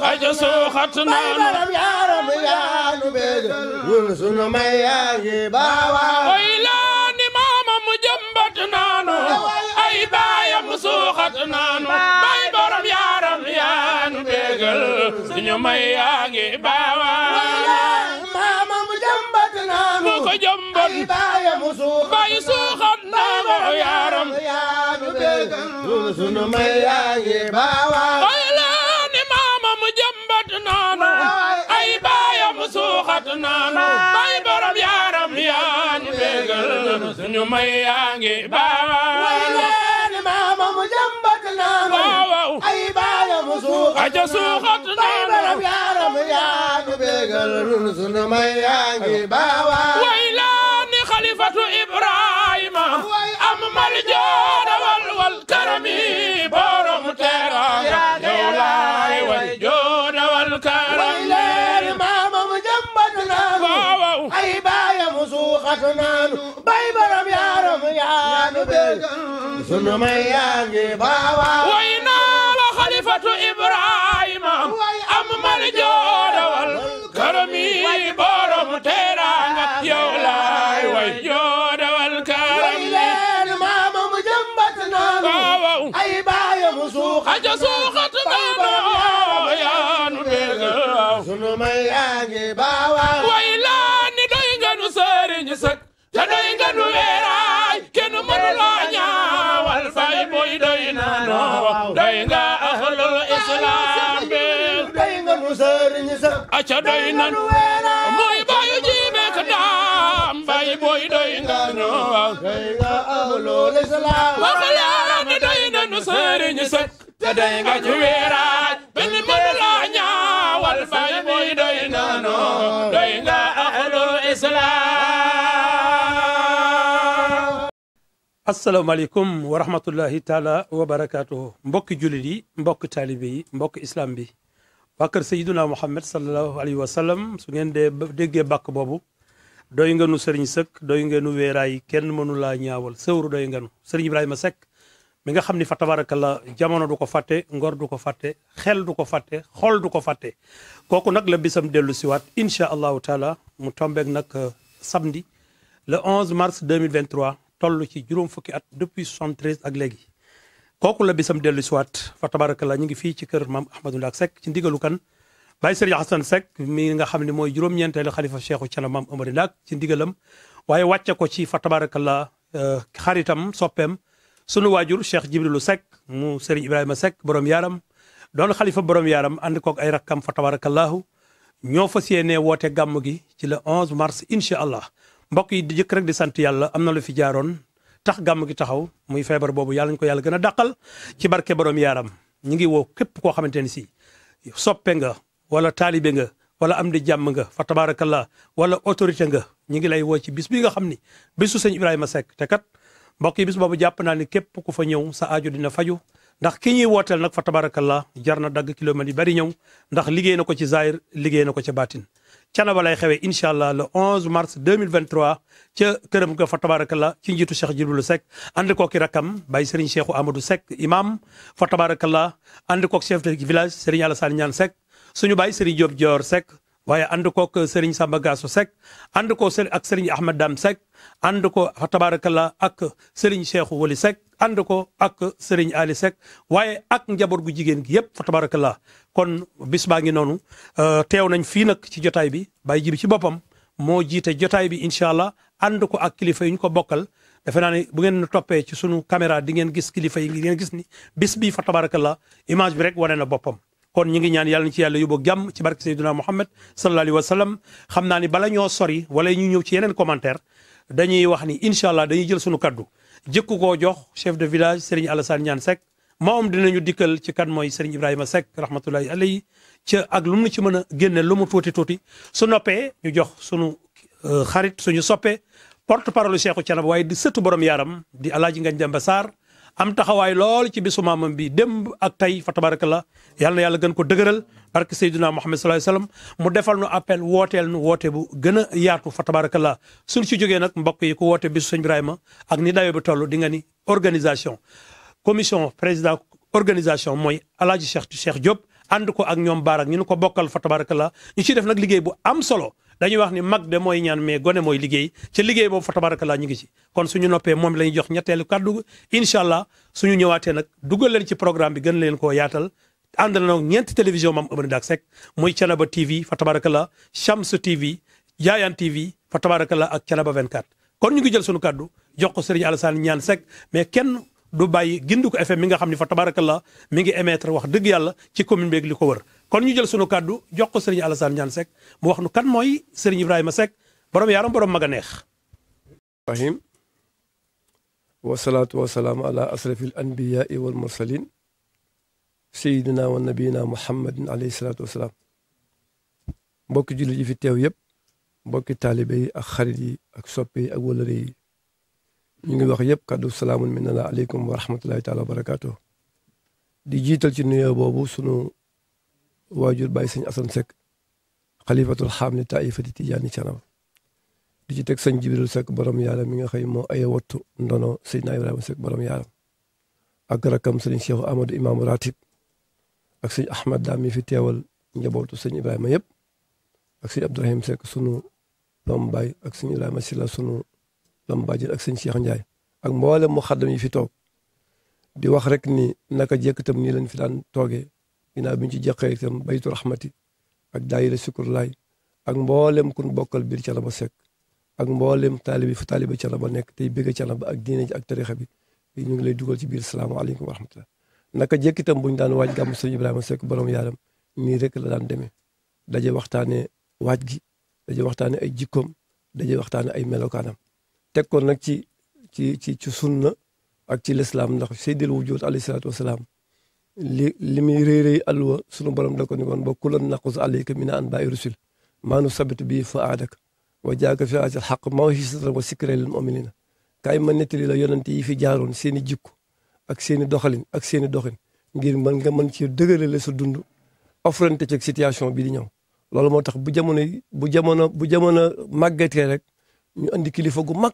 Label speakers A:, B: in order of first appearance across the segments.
A: xaja suuxat yaa rabbi yaa nu bégal ñun nu sunu may yaa ngi baawaan faat naanu bay borom yaaram yaanu bégal nanu suñu may yaa ngi baawaay aja suuxat naanu yaaram yaanu bégal
B: nanu suñu may yaa ngi baawaay way
A: laani xalifatu ibrahima am mal joona wal wal karami borom tee nu naanu bay borom yaaram yaanu bëgg sunu may ngi baawaa way la xalifatu ibrahima am mal joo te doy nga nu weeraay kenn mënuloo ñaawal bay boy doy na noo doy nga ahlul islam bi doy nga nu sëriñ sa aca doy na nu weeraay mooy bayu jiibeek daam bay boy doy nga noo doy nga ahlul islam doy na nu sëriñ sa te doy nga ci weeraay
C: asalaamaaleykum wa rahmatullahi taala wa mbokki jullit yi mbokk taalibe yi mbokk islam bi waa kër Seydina Muhammad sallallahu alayhi wa sallam su ngeen dee déggee bàkk boobu doy ngenu sëriñ sëkk doy ngeenu weeraay kenn mënu ñaawal sëwru doy ngenu sëriñ Ibrahima Seck mi nga xam ni fa tabarakallah jamono du ko fàtte ngor du ko fàtte xel du ko fàtte xol du ko fàtte kooku nag la bisam dellu siwaat incha allahu taala mu tombeek nag euh, samedi le 11 mars 2023 tollu ci juróom fukki at depuis 73 ak léegi kooku la bisam dellu si waat fa tabarakallah ñu ngi fii ci kër maam Ahmadou Ndack Seck ci ndigalu kan Baye Serigne Hassan Seck mi nga xam ne mooy juróom-ñeenteelu xalifa Cheikhu Thiénaba maam Amari Ndack ci ndigalam waaye wàcce ko ci fa tabarakallah euh, xaritam soppeem sunu waajur Cheikh Jibrilu Seck mu Serigne Ibrahima sekk borom yaaram doon xalifa borom yaaram ànd koog ay rakkam fa tabarakallahu ñoo fa yéenee woote gàmm gi ci le 11 mars incha allah mbokk yi di jëkk rek di sant yàlla am na lu fi jaaroon tax gàmm gi taxaw muy feebar boobu yàlla ñu ko yàlla gën a dàqal ci barke borom yaaram ñu ngi woo képp koo xamante ni si soppe nga wala taalibe nga wala am di jàmm nga fa tabaarakallah wala autorité nga ñu ngi lay woo ci bis bi nga xam ni bisu sëñ Ibrahima Seck te kat mbokk yi bis boobu jàpp naa ni képp ku fa ñëw sa aajo dina faju ndax ki ñuy wooteel nag fa tabaarakallah jar na dagg kilomètres yi bari ñëw ndax liggéey na ko ci zaahir liggéey na ko ca baatin canaba lay xewee incha allah le 11 mars mil kër ca këram nga fa tabarakallah ci njiitu Cheikh Djibril Seck ànd kooki rakam bàyyi Serigne Cheikhou Amadou Seck imam fa tabarakallah ànd kook chef de village Serigne Alassane ñaan Seck suñu bay Serigne Diop joor sek waaye ànd koog Serigne Samba Gasso Seck ànd ko ak Serigne Ahmad Dam Seck ànd ko tabarakallah ak Serigne Cheikh Wali sek ànd ko ak Serigne Ali Seck waaye ak njaboot gu jigéen gi yëpp fa tabarakallah kon bis baa ngi noonu euh, teew nañ fii nag ci jotaay bi Baye Djibi ci boppam moo jiite jotaay bi incha allah ànd ko ak kilifa yu ñu ko bokkal. defe naa ne bu ngeen toppee ci sunu caméra di ngeen gis kilifa yi ngeen gis ni bis bi fa tabarakallah image bi rek wane na boppam. kon ñu ngi ñaan yàlla ci yàlla yóbbu jàmm ci barke Seydina Muhammad sallallahu alayhi wa sallam xam naa ni bala ñoo sori wala ñu ñëw ci yeneen commentaire dañuy wax ni incha allah dañuy jël suñu kaddu jëkku koo jox chef de village Serigne Alassane Niane Seck moom dinañu dikkal ci kan mooy Serigne Ibrahima Seck rahmatullahi alayhi ca ak lu mu ci mën a génne lu mu tuuti tuuti su noppee ñu jox sunu euh, xarit suñu soppee porte parole Cheikhou Thiénaba waaye di sëtu borom yaaram di Alaaji Ngagne Demba Sarr am taxawaay lool ci bisu maamam bi démb ak tey fa tabarakallah yàlla na yàlla gën ko dëgëral barke Seydina Muhammad sallallahu alayhi wasallam mu defal nu appel wooteel nu woote bu gën a yaatu fa la suñ ci jógee nag mbokk yi ko woote bisu sëñ Ibrahima ak ni dayoo bi toll di nga ni organisation commission président organisation mooy alaaji Cheikh Cheikh Diop ànd ko ak ñoom baar ak ñu ko bokkal fa la ñu ciy def nag liggéey bu am solo dañuy wax ni mag de mooy ñaan mais gone mooy liggéey ca liggéey boobu fa tabarakallah ñu ngi ci kon suñu noppee moom la ñuy jox ñetteelu kàddu incha allah suñu ñëwaatee nag dugal leen ci programme bi gën leen koo yaatal ànd na nag ñeenti télévision maam Amady Dak Seck muy Thiénaba TV fa tabarakallah Shams TV Jaayan TV fa tabarakallah ak Thiénaba 24 kon ñu ngi jël suñu kàddu jox ko Serigne Alassane ñaan Seck mais kenn du bàyyi gindu ko FM mi nga xam ne fa tabarakallah mi ngi émettre wax dëgg yàlla ci commune beeg li ko wër kon ñu jël sunu kàddu jox ko sëriñ Alassane Niane Seck mu wax nu kan mooy sëriñ Ibrahima Seck borom yaaram borom mag a neex.
B: Ibrahim wasalaatu wasalaam ala wa nabiyina muhammadin alayhi salaatu wasalaam mbokki jullit yi fi teew yëpp mbokki taalibe ak xarit yi ak soppe ak wëlëre ñu ngi wax yëpp kàddu salaamun minna aleykum wa rahmatullahi taala wa barakaatu di jiital ci nuyoo boobu sunu. waajur bàyyi sëñ Assane Seck xalifatul xaam ni taifati tijaani canam di ci teg sëñ Jibril Seck borom yaaram mi nga xëy moo ay wattu ndono Seydina Ibrahima Seck borom yaaram ak rakam sëñ Cheikh Amadou Imaamu Ratib ak sëñ Ahmad Daam mi fi teewal njabootu sëñ Ibrahima yëpp ak sëñ Abdourahim Seck sunu doom baay ak sëñ Ibrahima Silla sunu doom baajir Cheikh Ndiaye ak mboolem mu xaddam yi fi toog di wax rek ni naka jekk itam nii lañ fi daan toogee ginnaaw bi ñu ci jeqee itam baytu raxmati ak daayira sukur laay ak mboolem kun bokkal biir Thiénaba Seck ak mboolem taalibi fu taalibi Thiénaba nekk tey bëgg Thiénaba ak diine ji ak tarixa bi ñu ngi lay dugal ci biir salaamaaleykum wa rahmatullah naka jekk itam bu ñu daan waaj gàmm sëñ Ibrahima Seck borom yaaram nii rek la daan demee daje waxtaane waaj gi daje waxtaanee ay jikkoom daje waxtaanee ay melokaanam teg ko nag ci ci ci ci sunna ak ci lislaam ndax seydil wujud li li muy rëy rëy alluwa sunu borom da ko ni woon ba kulan naqus alayka min anba'i rusul maa nu sabit bii fa aadaka wa jaaka fi asil xaq mawhisatan wa sikra lil mu'minina kaay ma nettali la yonent yi fi jaaroon seeni jikko ak seeni doxalin ak seeni doxin ngir mën nga mën ci dëgërale sa dund offrante ci situation bii di ñëw loolu moo tax bu jamono bu jamono bu jamono màggatee rek ñu andi kilifa gu mag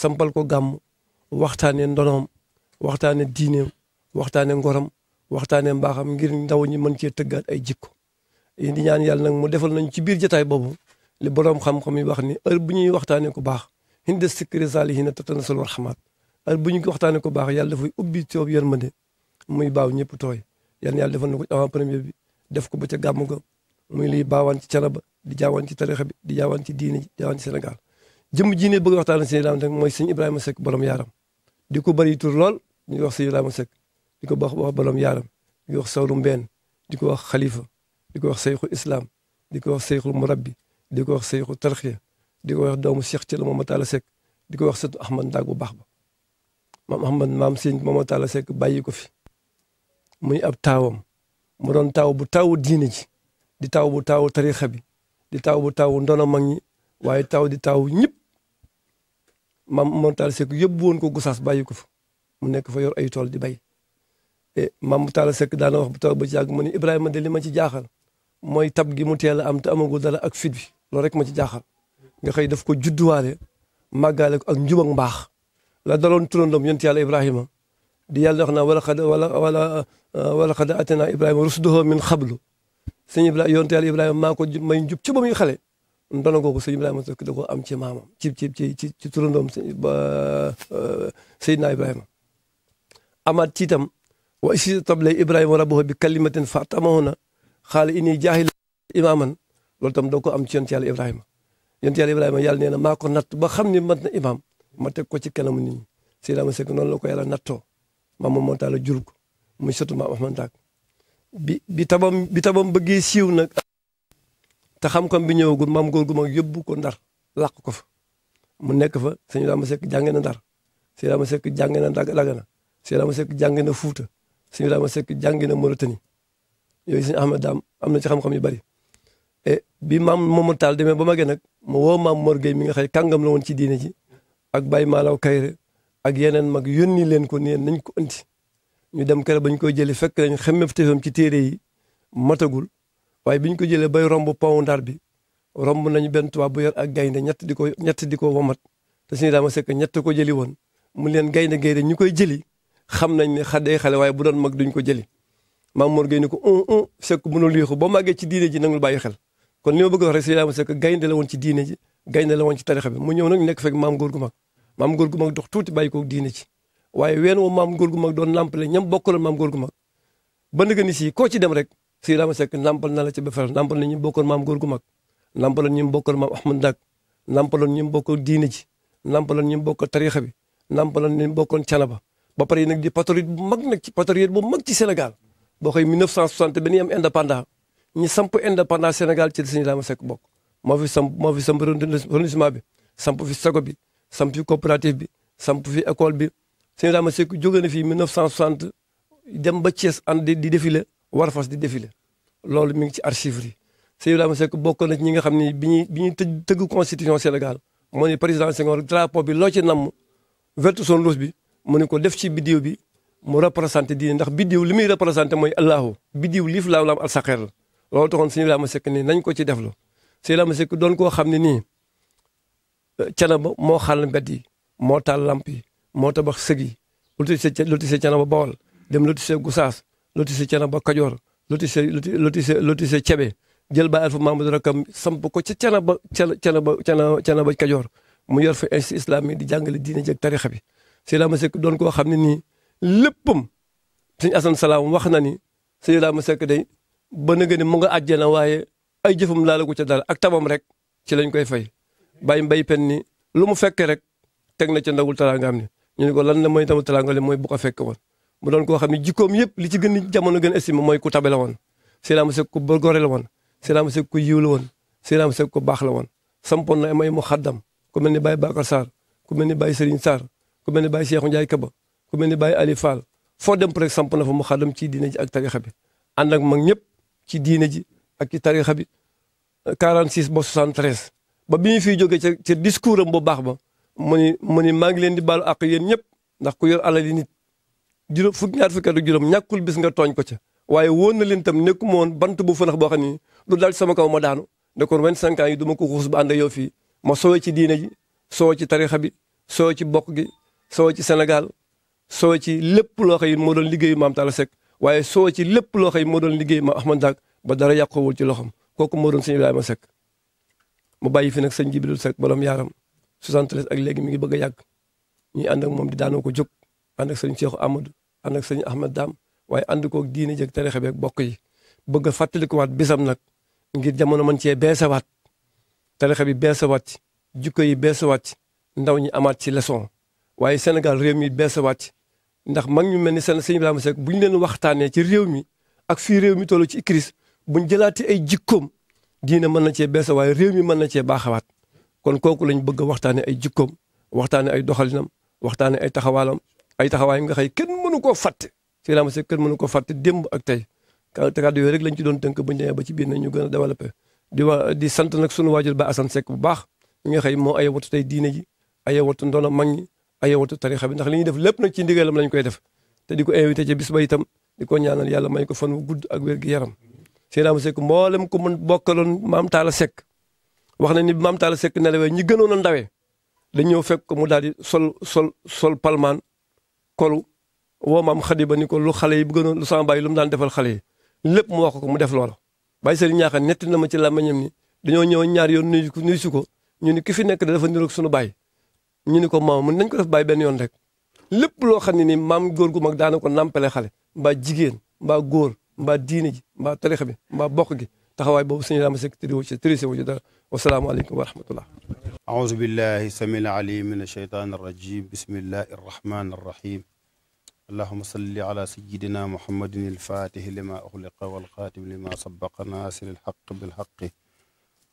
B: sampal ko gàmm waxtaane ndonoom waxtaane diineem waxtaane ngoram waxtaanee mbaaxam ngir ndaw ñi mën cee tëggaat ay jikko di ñaan yàlla nag mu defal nañ ci biir jotaay boobu li boroom xam-xam yi wax ni heure bu ñuy waxtaanee ku baax hinda sikri saalihiina tatanazzal rahmaat heure bu ñu waxtaanee ku baax yàlla dafay ubbi coob yërmande muy baaw ñëpp tooy yàlla yàlla defal na ko avant premier bi def ko ba ca gàmm muy liy baawan ci canaba di jaawaan ci tarixa bi di jaawan ci diine ji di jaawaan ci Sénégal jëmm jiine bëgg waxtaan rek mooy sëñ Ibrahima Seck borom yaaram di ko bëri tur ñu wax sëñ Ibrahima diko ko wax wax borom yaaram di ko sawru mbeen di ko wax xalifa di ko wax seyxu islam di ko wax seyxu murabbi di ko wax seyxu tarxiya di ko wax doomu Cheikh Thiel moom Talla Seck di ko wax sëtu Ahmad Ndaag bu baax ba maam Ahmad maam sëñ moom Talla Seck bàyyi ko fi muy ab taawam mu doon taaw bu taawu diine ji di taaw bu taawu tari bi di taaw bu taawu ndono mag ñi waaye taaw di taaw ñëpp maam moom Talla Seck yóbbu woon ko Gosaas bàyyi ko fa mu nekk fa yor ay tool di bay Eh, Maam Talla Seck daana wax bu toog ba ci yàgg mu Ibrahima de li ma ci jaaxal mooy tab gi mu teel a am te amagul dara ak fit bi loolu rek ma ci jaaxal nga xëy daf ko judduwaale màggaale ko ak njub ak mbaax la daloon turandoom yonent yàlla Ibrahima di yàlla wax naa wala xad wala wala wala xad atena Ibrahima rusduhu min xablu sëñ Ibrahima yonent yàlla Ibrahima maa ko may njub ci ba muy xale ndono googu sëñ Ibrahima Seck da koo am ci ci ci ci ci turandoom sëñ ba eh, wa istablay ibrahima rabbahu bi kalimatin fa atamahuna xaala inni jaahil imaaman lool tam doo ko am ci yonent yàlla ibrahima yonent yàlla ibrahima yàlla nee na maa ko natt ba xam ni mat na imaam ma teg ko ci kanamu nit ñi Seydina Musaa Sekk noonu la ko yàlla nattoo maam moom moo taala jur ko muy sotu maam bi bi tabam bi tabam bëggee siw nag te xam-xam bi ñëwagul maam góor gu mag yóbbu ko ndar làq ko fa mu nekk fa Seydina ma Sekk jàngee na ndar Seydina Musaa Sekk jàngee na dagana Seydina ma Sekk jàngee na fuuta sëñ Ibrahima Seck jàngi na Mauritanie yooyu sëñ Ahmed Dame am na ci xam-xam yu bari e bi maam Momar Tall demee ba magee nag mu woo maam Mor mi nga xëy kàngam la woon ci diine ji ak Baye Malaw Kayre ak yeneen mag yónni leen ko neen nañ ko andi ñu dem kër ba koy jëlee fekk nañ xemmef tefam ci téere matagul waaye bi ñu ko jëlee bay romb pont Ndar bi romb nañu benn tubaab bu yor ak gaynde ñett di ko ñett di ko womat te sëñ Ibrahima Seck ñett ko jëli woon mun leen gaynde gaynde ñu koy jëli xam nañ ne xaddee xale waaye bu doon mag duñ ko jëli maam Mor Gueye ko un un sekk mënul yéexu boo màggee ci diine ji nangul bàyyi xel kon li ma bëgg wax rek Seydina Limaamu Sekk gaynde la woon ci diine ji gaynde la woon ci bi mu ñëw nag nekk fekk maam góor gu mag maam góor gu mag dox tuuti bàyyi ko diine ci waaye ween woo maam góor gu mag doon nàmpale ñam bokkaloon maam góor gu mag ba nga ni si koo ci dem rek Seydina Limaamu Sekk nàmpal na la ci befar nàmpal na ñu bokkoon maam góor gu mag nàmpaloon ñu bokkoon maam Ahmad Ndak nàmpaloon ñu bokkoon diine ji nàmpaloon ñu bokkoon tarixa bi nàmpaloon ñu bokkoon canaba ba pare nag di patriote bu mag nag ci patriote bu mag ci Sénégal boo xëy 1960 ba ñuy am indépendant ñu samp indépendant Sénégal ci Sëñ Ibrahima Seck bokk moo fi samp moo fi samp arrondissement bi samp fi sago bi samp fi coopérative bi samp fi école bi Sëñ Ibrahima Seck jóge na fii 1960 dem ba Thiès ànd di défilé war di défilé loolu mi ngi ci archives yi Sëñ Ibrahima Seck bokk na ci ñi nga xam ne bi ñuy bi ñuy tëgg constitution Sénégal moo ne président Senghor drapeau bi loo ci nam vert son rouge bi. mu ne ko def ci biddiw bi mu représenté diine ndax biddiw li muy représenté mooy allahu biddiw liif laaw la am alsaqeer la loolu taxoon suñu laa ma sekk nii nañ ko ci def la suñu laa ma sekk doon koo xam ne nii euh, canaba moo xàll mbedd yi moo taal lamp yi moo tabax sëg yi lotissé lotissé canaba bawol dem lotissé gusaas lotissé ba kajoor lotissé lotissé lotissé cebe jël ba alfa mamadou rakam samp ko ca canaba canaba canaba kajoor mu yor fa institut islamique di jàngale diine jeeg tarixa bi Seydou Lamou Seck doon koo xam ne nii léppam sëñ Assane Salaam wax na ni Seydou Lamou Seck day ba nga ni mu nga àjjana waaye ay laal laalagu ca dara ak tabam rek ci lañ koy fay. bàyyi mbay pen ni lu mu fekkee rek teg na ca ndawul teraangaam ni ñu ne ko lan la mooy tamu teraanga li mooy bu ko fekk woon. mu doon koo xam ne jikkoom yëpp li ci gën jamono gën estimé mooy ku tabe la woon Seydou Lamou Seck ku bëggoore la woon Seydou Lamou Seck ku yiw la woon Seydou Lamou Seck ku baax la woon. sampoon na may mu xaddam ku mel ni Baye Bakar ku mel ni Baye Serigne Sarr ku mel ne Baye Cheikhou Ndiaye Kaba ku mel ne Baye Ali Fall foo dem par exemple na fa mu xadam ci diine ji ak tarixa bi ànd ak mag ñëpp ci diina ji ak ci tarixa bi 46 ba 73 ba bi ñu fiy jógee ca ca discours am bu baax ba mu ni mu ni maa ngi leen di baalu àq yéen ñëpp ndax ku yor alal yi nit juróom fukk ñaar fukki at ak juróom ñàkkul bis nga tooñ ko ca waaye woon na leen itam nekkuma woon bant bu fënax boo xam ni lu daal sama kaw ma daanu ne kon 25 ans yi du ko xuus ba ànd yow fii ma soowee ci diine ji soowee ci tarixa bi soowee ci bokk gi soowa ci Sénégal soowa ci lépp loo yi moo doon liggéey maam Talla Seck waaye soowa ci lépp loo yi moo doon liggéeyu maam Ahmad Daak ba dara yàqoowul ci loxoom kooku moo doon sëñ ma Seck mu bàyyi fi nag sëñ Jibril Seck borom yaaram 73 ak léegi mi ngi bëgg a yàgg ñuy ànd ak moom di daanoo ko jóg ànd ak sëñ Cheikh Amadou ànd ak sëñ Ahmad Daam waaye ànd kook diine jëg tarixa bokk yi bëgg a fàttalikuwaat bisam nag ngir jamono mën cee beesawaat tarixa bi beesawaat ci jukko yi beesawaat ci ndaw ñi amaat ci leçon waaye Sénégal réew mi beesawaat ndax mag ñu mel ni seen sëñ ma Seck bu ñu leen waxtaanee ci réew mi ak fii réew mi toll ci crise bu ñu jëlaatee ay jikkoom diine mën na cee beesa waaye réew mi mën na cee baaxawaat kon kooku lañ bëgg a waxtaanee ay jikkoom waxtaanee ay doxalinam waxtaanee ay taxawaalam ay taxawaay nga xay kenn mënu koo fàtte sëñ Ibrahima Seck kenn mënu koo fàtte démb ak tey kàddu yooyu rek lañ ci doon tënk bu ñu demee ba ci biir na ñu gën développé di wa di sant nag sunu waajur ba Assane Seck bu baax mi nga xëy moo ay wattu tey diine ji ay wattu ndono mag ñi ayewatu tarixa bi ndax li ñuy def lépp nag ci ndigalam lañ koy def te di ko invité ci bis ba di ko ñaanal yàlla may ko fan wu gudd ak wér gi yaram Seydina Seck mboolem ko mën bokkaloon maam Talla Seck wax na ni maam Talla Seck nelawee ñi gënoon a ndawee dañ ñëw fekk ko mu daal di sol sol sol palmaan kolu woo maam xadi ba ni ko lu xale yi bu gënoon lu sama bàyyi lu mu daan defal xale yi lépp mu wax ko mu def loola bàyyi sëriñ ñaaxaan netti na ma ci làmmiñam ni dañoo ñëw ñaar yoon nuyu ko si ko ñu ni ki fi nekk dafa niroog sunu bàyyi ñu ni ko maam mun nañ ko def bàyyi benn yoon rek lépp loo xam ne ni maam góor gu mag daana ko nampale xale mbaa jigéen mbaa góor mbaa diine ji mbaa tarixa bi mbaa bokk gi taxawaay boobu sëñ daama sekk tëriwu ci tëri siwu ci dara wasalaamualeykum wa rahmatullah
D: aouzu billahi samil alim min asheytaan arrajim bismillahi arrahman arrahim allahuma salli ala sayidina muhammadin alfatixi lima uxliqa walxaatimi lima sabaqa naasiri alxaq bilxaqi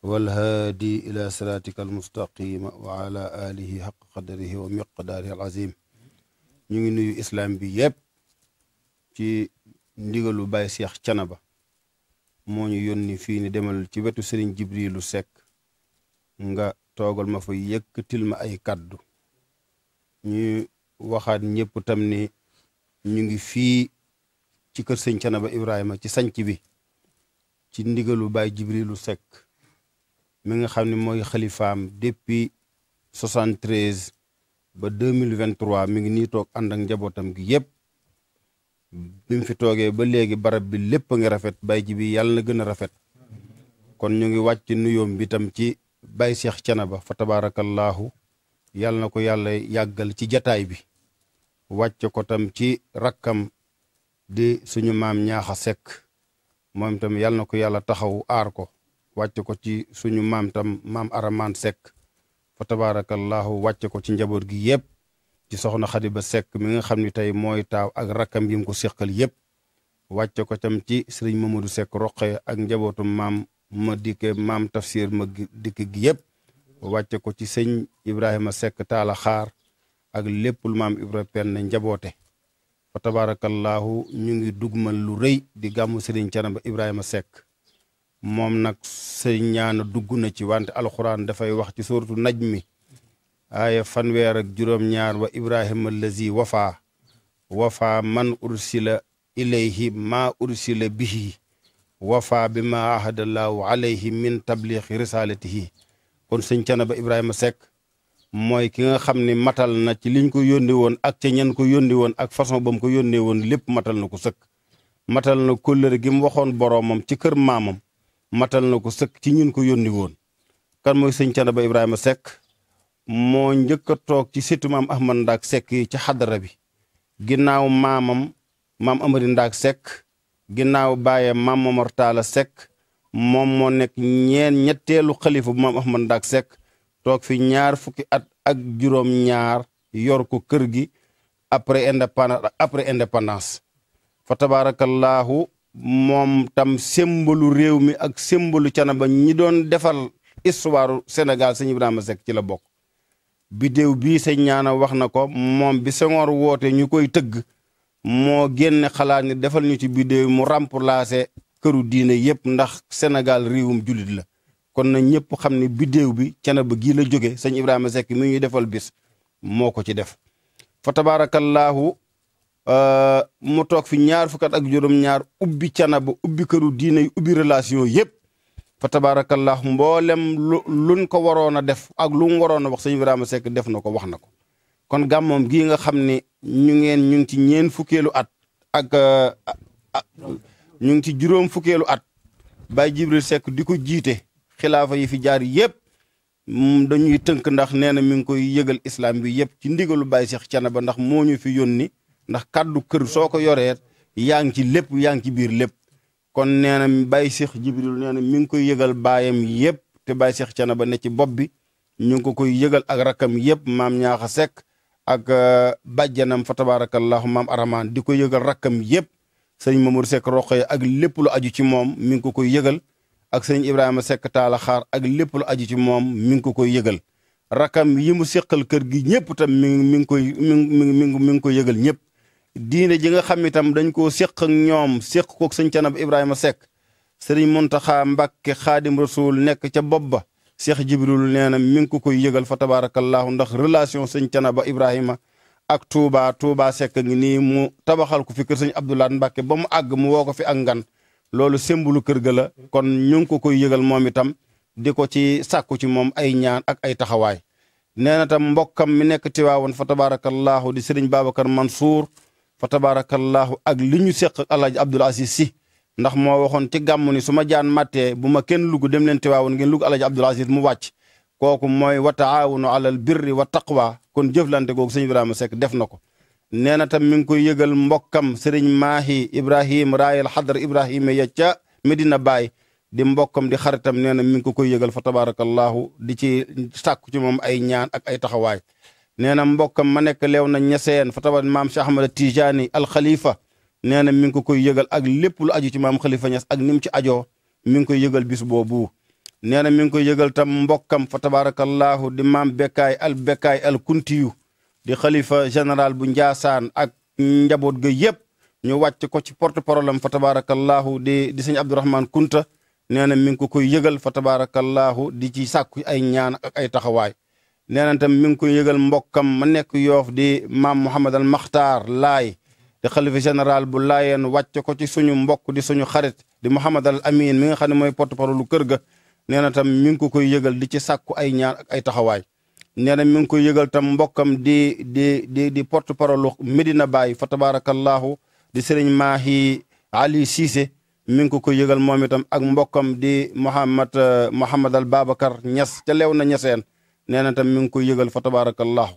D: والهادي إلى صراطك المستقيم وعلى آله حق قدره ومقداره العظيم ñu ngi nuyu islam bi yépp ci ndigalu Baye Cheikh Canaba moo ñu yónni fii ni demal ci wetu Serigne Jibrilu Seck nga toogal ma fa yëkkatil ma ay kàddu ñu waxaat ñëpp tam ni ñu ngi fii ci kër sëñ Canaba Ibrahima ci sanc bi ci ndigalu Baye Jibrilu Seck mi nga xam ne mooy xalifaam depuis 73 ba vingt 2023 mi ngi nii toog ànd ak njabootam gi yépp bi mu fi toogee ba léegi barab bi lépp a ngi rafet bay ji bi yàlla na gën a rafet kon ñu ngi wàcc nuyoom bi tam ci bay seex ba fa tabaarakallaahu yàlla na ko yàlla yàggal ci jataay bi wàcc ko tam ci rakkam di suñu maam ñaaxa sekk moom tam yàlla na ko yàlla taxaw aar ko wàcce ko ci suñu maam tam maam Araman sekk fa tabaarakallaahu wàcce ko ci njaboot gi yëpp ci soxna ba sekk mi nga xam ni tey mooy taaw ak rakkam yi mu ko seqal yëpp wàcce ko tam ci sëriñ Mamadou Seck roqee ak njabootu maam ma dikke maam tafsir ma dikke yëpp wàcce ko ci sëñ Ibrahima sekk taala xaar ak lépp lu maam Ibrahima Penn njaboote fa tabaarakallaahu ñu ngi dugmal lu rëy di gàmmu sëriñ Canaba Ibrahima sekk moom nag sa ñaan dugg na ci wante alxuraan dafay wax ci suuratu najmi aaya fanweer ak juróom-ñaar wa ibrahima allazi wafaa wafaa man ursila ilayhi maa ursila bihi wafaa bi ma ahadallaahu alayhi min tablixi risalatihi kon sëñ ba ibrahima sekk mooy ki nga xam ni matal na ci liñ ko yónni woon ak ca ko yónni woon ak façon boom ko yónnee woon lépp matal na ko sëkk matal na kóllëre gi mu waxoon boroomam ci kër maamam matal na ko sëkk ci ñun ko yónni woon kan mooy sëñ Thiénaba Ibrahima sekk moo njëkk a toog ci sëtu maam Ahmad Ndaak Seck yi ci xadara bi ginnaaw maamam maam Amari Ndaak Seck ginnaaw bàyyee maam Momar sekk moom moo nekk ñeen ñetteelu xalifa bu maam Ahmad Ndaak Seck toog fi ñaar fukki at ak juróom ñaar yor ko kër gi après indépendance après indépendance fa tabaarakallaahu moom tam sembalu réew mi ak sembalu Canaba ñi doon defal histoire Sénégal sëñ Ibrahima Seck ci la bokk bidéew bii sëñ ñaana wax na ko moom bi Senghor woote ñu koy tëgg moo génne xalaat ni defal ñu ci bidéew mu remplacer këru diine yëpp ndax senegal réewum jullit la kon na ñëpp xam ni bidéew bi Canaba gii la jóge sëñ Ibrahima Seck mi ñuy defal bis moo ko ci def fa tabaarakallaahu Euh, mu toog fi ñaar fukkat ak juróom-ñaar ubbi canaba ubbi këru diina yi ubbi relation yëpp fa tabaarakallah mboolem lu luñ ko waroon a def ak lu mu waroon a wax sëñ Ibrahima Seck def na ko wax na ko kon gàmmoom gii nga xam ni ñu ngeen ñu ngi ci ñeen fukkeelu at ak euh, ñu ngi ci juróom fukkeelu at Baye Jibril Seck di ko jiite xilaafa yi fi jaar yëpp mm, dañuy tënk ndax nee na mi ngi koy yëgal islam bi yëpp ci ndigalu Baye Cheikh Thiénaba ndax moo ñu fi yónni ndax kàddu kër soo ko yoree yaa ngi ci lépp yaa ci biir lépp kon nee na bàyyi Seex Jibril nee na mi ngi koy yëgal baayam yëpp te bàyyi Seex Canaba ne ci bopp bi ñu ngi ko koy yëgal ak rakkam yëpp maam ñaaxa sekk ak euh, bàjjanam fa tabarakallahu maam aramaan di ko yëgal rakkam yëpp sëñ Mamour Seck Roqe ak lépp lu aju ci moom mi ngi ko koy yëgal ak sëñ Ibrahima Seck Taala Xaar ak lépp lu aju ci moom mi ngi ko koy yëgal rakkam yi mu seqal kër gi ñëpp tam mi mi ngi koy mi ngi mi mi ngi ko yëgal ñëpp diine ji nga xam itam dañ koo séq ñoom séq kook sëñ canab Ibrahima Seck sëriñ Muntaxa Mbàkke xaadim rasul nekk ca bopp ba Cheikh Jibril nee na mi ngi ko koy yëgal fa tabaarakallaahu ndax relation sëñ ba Ibrahima ak Touba Touba Seck ngi nii mu tabaxal ko fi kër sëñ Abdoulaat Mbàkke ba mu àgg mu woo ko fi ak ngan loolu sembulu kër ga la kon ñu ngi ko koy yëgal moom itam di ko ci sàkku ci moom ay ñaan ak ay taxawaay nee na tam mbokkam mi nekk Tiwaawoon fa tabaarakallaahu di sëriñ Babacar Mansour fa tabaarakallaahu ak li ñu seq ak El Hadj si ndax moo waxoon ci gàmm ni su ma jaan màttee bu ma kenn lugg dem leen Tiwaawoon ngeen lugg El Hadj Abdoul Aziz mu wàcc kooku mooy wa taawunu alal birri wa taqwa kon jëflante googu sëñ Ibrahima Seck def na ko. nee na tam mi ngi koy yëgal mbokkam sëriñ Maahi Ibrahim Raayal Hadar Ibrahima ya ca Medina Baye di mbokkam di xaritam nee na mi ngi ko koy yëgal fa tabaarakallaahu di ci sàkku ci moom ay ñaan ak ay taxawaay. nee na mbokkam ma nekk leew na ñeseen fa tabat maam Cheikh Ahmad Tijaani al Khalifa nee na mi ngi ko koy yëgal ak lépp lu aju ci maam Khalifa Niass ak ni mu ci ajoo mi ngi koy yëgal bis boobu. nee na mi ngi koy yëgal tam mbokkam fa tabaarakallaahu di maam Bekkaay al Bekkaay al Kuntiyu di xalifa général bu Njaasaan ak njaboot ga yëpp ñu wàcc ko ci porte parole am fa tabaarakallaahu di di sëñ Abdourahman Kunta nee na mi ngi ko koy yëgal fa tabaarakallaahu di ci sàkku ay ñaan ak ay taxawaay. nee na tam mi ngi koy yëgal mbokkam ma nekk yoof di maam Mouhamad al Makhtar laay di xalifa général bu laayeen wàcc ko ci suñu mbokk di suñu xarit di Mouhamad al Amin mi nga xam ne mooy porte-parole lu kër ga nee na tam mi ngi ko koy yëgal di ci sàkku ay ñaan ak ay taxawaay nee na mi ngi koy yëgal tam mbokkam di di di di porte-parole lu Medina Baye fa tabarakallahu di sëriñ Mahi Ali Cissé mi ngi ko ko yëgal moom itam ak mbokkam di Mouhamad Mouhamad al Babacar Niass ca lew na Niassène nee na tam mi ngi koy yëgal fa tabaarakallaahu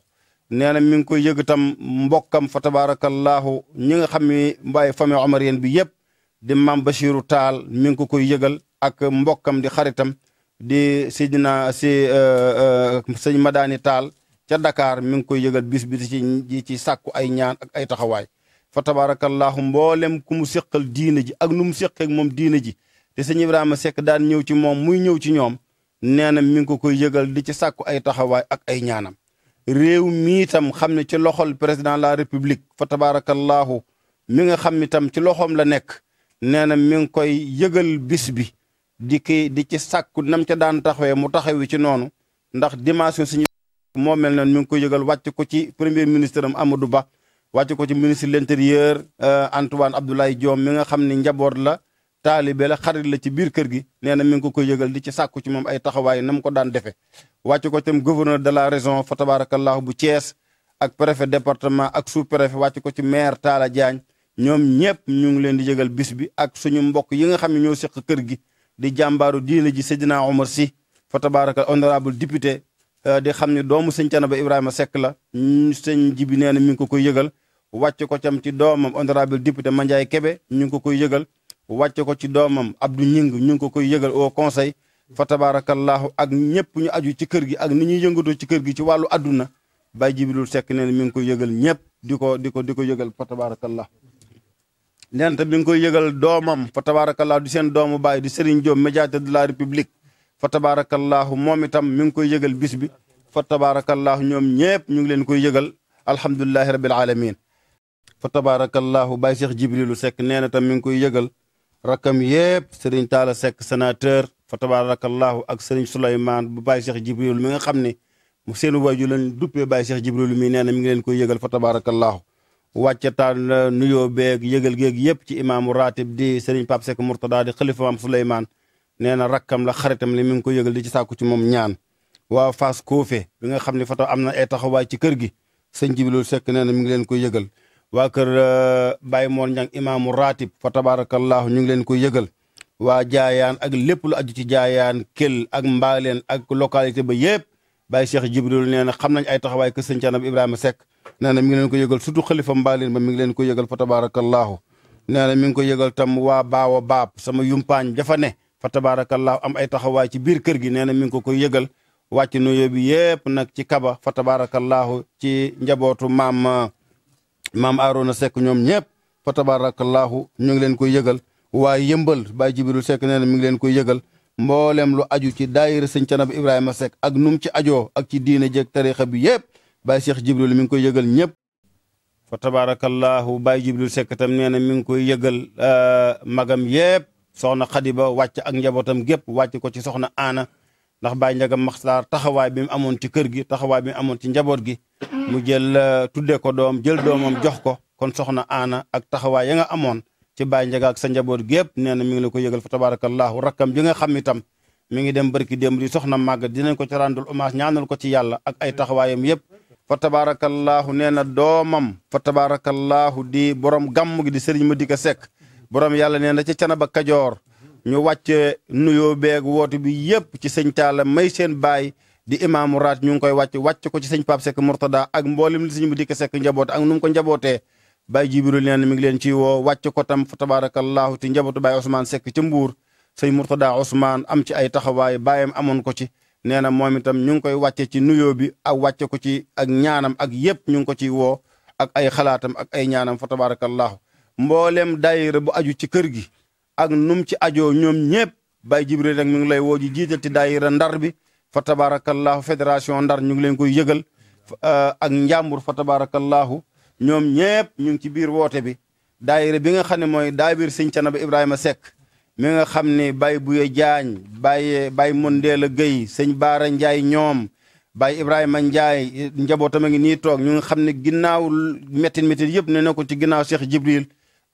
D: nee na mi ngi koy yëg tam mbokkam fa tabaarakallaahu ñi nga xam ne mbaay famille Omar bi yëpp di maam Bachirou Taal mi ngi ko koy yëgal ak mbokkam di xaritam di sidina si euh, euh, sëñ Madani Taal ca Dakar mi ngi koy yëgal bis bi di ci sàkku ay ñaan ak ay taxawaay fa tabaarakallaahu mboolem ku mu seqal diine ji ak nu mu seqeeg moom diine ji te sëñ Ibrahima Seck daan ñëw ci moom muy ñëw ci ñoom nee na mi ngi ko koy yëgal di ci sàkku ay taxawaay ak ay ñaanam réew mi itam xam ne ci loxol président la république fa tabaarakallaahu mi nga xam ne tam ci loxoom la nekk nee na mi ngi koy yëgal bis bi di ki di ci sàkku nam ca daan taxawee mu taxawi ci noonu ndax dimension suñu moo mel noonu mi ngi koy yëgal wàcc ko ci premier ministre am Amadou Ba wàcc ko ci ministre de l'intérieur euh, Antoine Abdoulaye Diome mi nga xam ni njaboot la taalibe la xarit la ci biir kër gi nee na mi ngi ko koy yëgal di ci sàkku ci moom ay taxawaay nam ko daan defee wàcc ko tam gouverneur de la région fa tabarakallahu bu Thiès ak préfet département ak sous préfet ko ci maire Talla Diagne ñoom ñëpp ñu ngi leen di yëgal bis bi ak suñu mbokk yi nga xam ne ñoo seq kër gi di jàmbaaru diine ji Seydina Omar si fa tabarakal honorable député euh, di xam ne doomu sëñ Thiénaba Ibrahima Seck la sëñ jibi bi nee na mi ngi ko koy yëgal wàcc ko tam ci doomam honorable député Mandiaye kebe ñu ngi ko koy yëgal wàcce ko ci doomam Abdou Ñing ñu ngi ko koy yëgal o conseil fa tabaarakallaahu ak ñëpp ñu aju ci kër gi ak ni ñuy yëngatoo ci kër gi ci wàllu àdduna Baye Jibril Seck nee na mi ngi koy yëgal ñëpp di ko di ko di ko yëgal fa tabaarakallaahu nee te mi ngi koy yëgal doomam fa tabaarakallaahu di seen doomu baay di Serigne Diop médiateur de la République fa tabaarakallaahu moom itam mi ngi koy yëgal bis bi fa tabaarakallaahu ñoom ñëpp ñu ngi leen koy yëgal alhamdulilahi rabil alamin fa tabaarakallaahu Baye Cheikh Jibrilu Seck nee na tam mi ngi koy yëgal rakkam yëpp sëriñ Talla Seck sénateur fa tabarakallahu ak sëriñ Souleymane bu Baye Cheikh Jibril mi nga xam ne mu seen waaju lañ duppee Baye Cheikh Jibril mi nee na mi ngi leen koy yëgal fa tabarakallahu wàccataan nuyoo beeg yëgël géeg yëpp ci imaamu ratib di sëriñ Pape Seck Mourtada di xalifa maam Souleymane nee na rakkam la xaritam li mi ngi koy yëgal di ci sàkku ci moom ñaan waa Fass Kofé bi nga xam ne fa am na ay taxawaay ci kër gi sëñ Jibril sekk nee na mi ngi leen koy yëgal waa kër euh, Baye Mor Ñang imaamu ratib fa tabaarakallaahu ñu ngi leen ko yëgal waa jaayaan ak lépp lu aju ci jaayaan kel ak mbaaleen ak localité ba yëpp Baye Cheikh Jibril nee na xam nañ ay taxawaay kër sëñ Canab Ibrahima Seck nee na mi ngi leen ko yëgal surtout xalifa mbaaleen ba mi ngi leen ko yëgal fa tabaarakallaahu nee na mi ngi ko yëgal tam waa baawa baab sama yumpaañ jafane ne fa tabaarakallaahu am ay taxawaay ci biir kër gi nee na mi ngi ko koy yëgal wàcc nuyoo bi yëpp nag ci kaba fa tabaarakallaahu ci njabootu maam maam Arouna sekk ñoom ñëpp fa tabarakallahu ñu ngi leen koy yëgal waaye yëmbal Baye Jibril sekk nee na mi ngi leen koy yëgal mboolem lu aju ci daayira sëñ Canaba Ibrahima Seck ak num ci ajo ak ci diine jeeg tariixa bi yëpp Baye Cheikh Jibril mi ngi koy yëgal ñëpp fa tabarakallahu Baye Jibril Seck tam nee na mi ngi koy yëgal euh, magam yëpp soxna Xadiba wàcc ak njabootam gépp wàcc ko ci soxna Aana ndax Baye Ndiaga Maxtaar taxawaay bi mu amoon ci kër gi taxawaay bi amoon ci njaboot gi mu jël euh, tuddee ko doom jël doomam jox ko kon soxna Aana ak taxawaay ya nga amoon ci Baye Ndiaga ak sa njaboot gi yëpp nee na mi ngi la ko yëgal fa tabaarakallaahu rakkam bi nga xam itam mi ngi dem barki démb di soxna màgg dinañ ko ci ràndul hommage ñaanal ko ci yàlla ak ay taxawaayam yëpp fa tabaarakallaahu nee na doomam fa tabaarakallaahu di borom gàmm gi di sëriñ ma di ko sekk borom yàlla nee na ca Canaba Kajoor ñu wàcce nuyoo beeg woote bi yëpp ci sëñ Talla may seen baay di imaamu raat ñu ngi koy wàcc wàcc ko ci sëñ Pape Seck Mourtada ak mboolem li sëñ bu dikk Seck njaboot ak nu mu ko njabootee Baye Jibril nee na mi ngi leen ciy woo wàcc ko tam fa tabaarakallaahu ti njabootu Baye Ousmane Seck ca Mbuur sëñ Mourtada Ousmane am ci ay taxawaay baayam amoon ko ci nee na moom itam ñu ngi koy wàcce ci nuyoo bi ak wàcce ko ci ak ñaanam ak yëpp ñu ngi ko ciy woo ak ay xalaatam ak ay ñaanam fa tabaarakallaahu mboolem daayira aju ci kër gi ak num ci ajoo ñoom ñëpp Baye Jibril rek mi ngi lay woo ji jiital ci daayira ndar bi fa tabarakallahu fédération ndar ñu ngi leen koy yëgal euh, ak njàmbur fa tabarakallahu ñoom ñëpp ñu ngi ci biir woote bi daayira bi nga xam ne mooy daabir Sëñ Canaba Ibrahima sek mi nga xam ne Baye Buye Jaañ Baye Baye Mondeel a Guèye sëñ Baara Ndiaye ñoom Baye Ibrahima Ndiaye eh, njabootam a ngi nii toog ñu nga xam ne ginnaaw metin méttit yëpp ne na ko ci ginnaaw Cheikh Jibril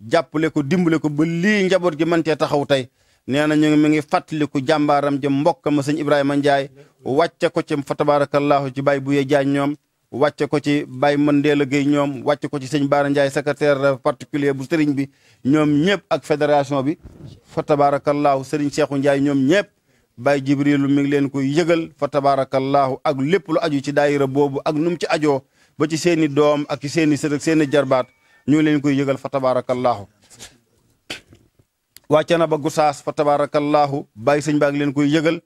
D: jàppale ko dimbale ko ba lii njaboot gi mën cee taxaw tey nee na ñu ngi mi ngi fàttaliku jàmbaaram jëm mbokk ma sëñ Ibrahima Ndiaye wàcce ko ci fa tabaarakallaahu ci Baye Bouye Diagne ñoom wàcce ko ci Baye Mandela Gueye ñoom wàcce ko ci sëñ Baara Ndiaye secrétaire particulier bu sëriñ bi ñoom ñëpp ak fédération bi fa tabaarakallaahu sëriñ Cheikhou Ndiaye ñoom ñëpp Baye Jibrilu mi ngi leen koy yëgal fa tabaarakallaahu ak lépp lu aju ci daayira boobu ak nu mu ci ajoo ba ci seeni doom ak ci seen i sët seen jarbaat ñu leen koy yëgal fa tabaarakallaahu wàcce na ba Gusaas fa tabaarakallaahu bàyyi sëñ baa ngi leen koy yëgal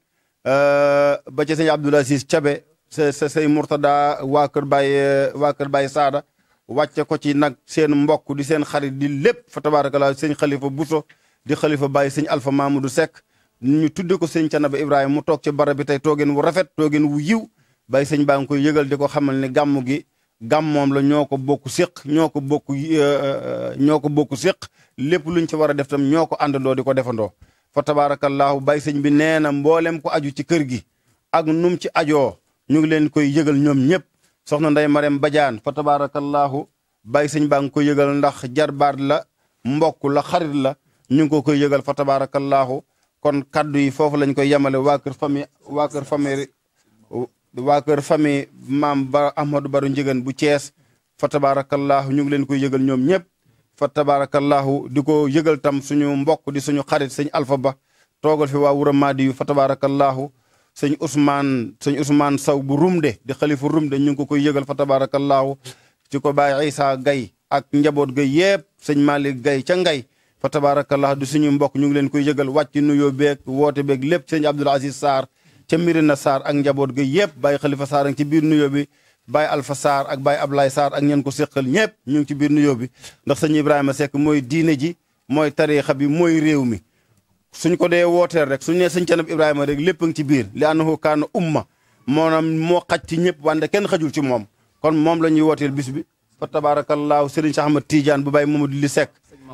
D: ba ci sëñ Abdul Aziz Cabe sa sa say Murtada waa kër Baye waa kër Baye Saada wàcce ko ci nag seen mbok di seen xarit di lépp fa tabaarakallaahu sëñ xalifa buso di Khalifa Baye sëñ Alpha Mamadou Seck ñu tudde ko na ba Ibrahima mu toog ci barab bi tey toogeen wu rafet toogeen wu yiw bàyyi sëñ baa ngi koy yëgal di ko xamal ne gàmm gi gam moom la ñoo ko bokk séq ñoo ko bokk euh, euh, euh, ñoo ko bokk séq lépp luñ ci war a def tam ñoo ko àndandoo di ko defandoo fa tabaarakallaahu bay sëñ bi nee na mboolem ko aju ci kër gi ak num ci ajo ñu ngi leen koy yëgal ñoom ñëpp soxna nday Marème Badiane fa tabaarakallaahu bay sëñ baa ngi koy yëgal ndax jarbaat la mbokk la xarit la ñu ngi ko koy yëgal fa tabaarakallaahu kon kaddu yi foofu lañ koy yemale waa kër famille waa kër famille waa kër fami maam ba Ahmadou Baro Njëgën bu Thiès fa tabaarakallaahu ñu ngi leen koy yëgal ñoom ñëpp fa tabaarakallaahu di ko yëgël tam suñu mbok di suñu xarit sëñ Alpha Ba toogal fi waa Wura Maadi yu fa tabaarakallaahu sëñ Ousmane sëñ Ousmane Saw bu Rumde di xalifu Rumde ñu ngi ko koy yëgal fa tabaarakallaahu ci ko Baye Issa Gaye ak njaboot ga yëpp sëñ Malick Gaye ca Ngaye fa tabaarakallaahu di suñu mbokk ñu ngi leen koy yëgal wàcc nuyoo beeg woote beeg lépp sëñ Abdoul Aziz ca Mirina saar ak njaboot ga yëpp Baye Khalifa saar ak ci biir nuyoo bi Baye Alpha Sarr ak Baye Ablaye Sarr ak ñeen ko séqal ñëpp ñu ngi ci biir nuyoo bi ndax sëñ Ibrahima sekk mooy diine ji mooy tariixa bi mooy réew mi suñ ko dee wooteel rek suñ nee sëñ Canab Ibrahima rek lépp a ngi ci biir li annahu kaana umma maanaam moo xaj ci ñëpp wande kenn xajul ci moom kon moom la ñuy wooteel bis bi fa tabaarakallaahu Serigne Cheikh Ahmad Tidiane bu Baye Mamadou Li sekk